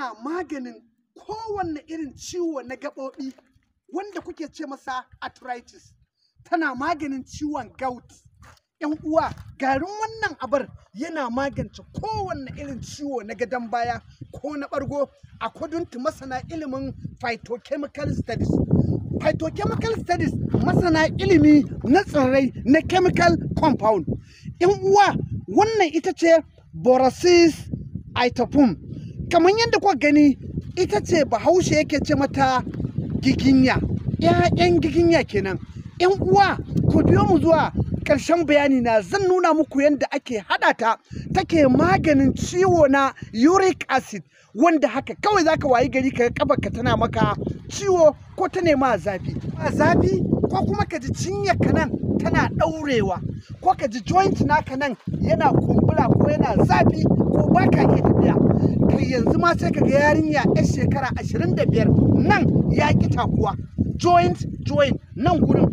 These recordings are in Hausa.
yana maganin kowanne irin ciwo na gaɓoɓi wanda kuke ce masa arthritis tana maganin ciwon gout yan uwa garin wannan abar yana magance kowanne irin ciwo na gadon baya ko na ɓargo a kudunta masana ilimin phytochemical studies phytochemical studies masana ilimi na tsirrai na chemical compound yan uwa wannan ita ce borosis itopum kamar yadda kuka gani ita ce bahaushe yake ce mata giginya ‘ya'yan giginya kenan ‘yan uwa ku biyo mu zuwa ƙarshen bayani na zan nuna muku yadda ake haɗa ta take maganin ciwo na uric acid wanda haka kawai zaka wayi gari ka ka tana maka ciwo ko ta nema zafi zafi ko kuma ka ji cinye ka nan tana ɗaurewa ko ka ji joint naka nan yana kumbura ko yana zafi ko ba ka iya tafiya kai yanzu ma sai ka ga yarinya yar shekara 25 nan ya ki takuwa joint joint nan gurin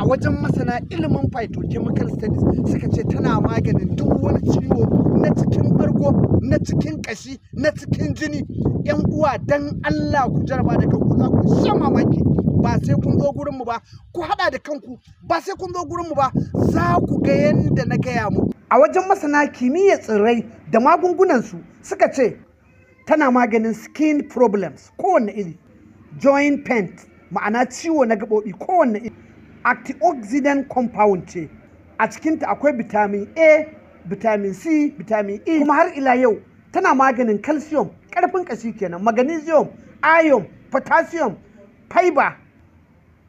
a wajen masana ilimin phytochemical studies suka ce tana maganin duk wani ciwo na cikin bargo na cikin kashi na cikin jini yan uwa dan Allah ku jaraba da kanku za ku shan mamaki ba sai kun zo gurin mu ba ku hada da kanku ba sai kun zo gurin mu ba za ku ga yanda na gaya mu. a wajen masana kimiyya tsirrai da magungunansu suka ce tana maganin skin problems kowanne iri joint pain ma'ana ciwo na gaɓoɓi kowanne iri antioxidant compound ce a cikinta akwai vitamin a vitamin c vitamin e kuma har ila yau tana maganin calcium karfin kashi kenan magnesium iron potassium fiber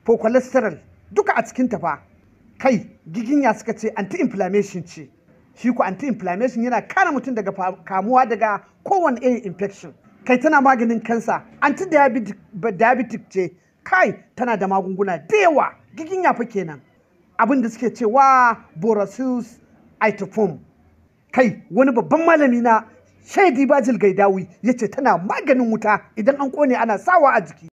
for cholesterol duka a cikinta fa kai giginya suka ce anti-inflammation ce shi ku anti-inflammation yana kare mutum daga kamuwa daga kowane irin infection kai tana maganin kansa anti-diabetic ce kai tana da magunguna da yawa gigin yafi kenan abin da suke cewa borosius itofom kai wani babban malami na shaidi bajil gaidawi ya ce tana maganin wuta idan an kone ana sawa a jiki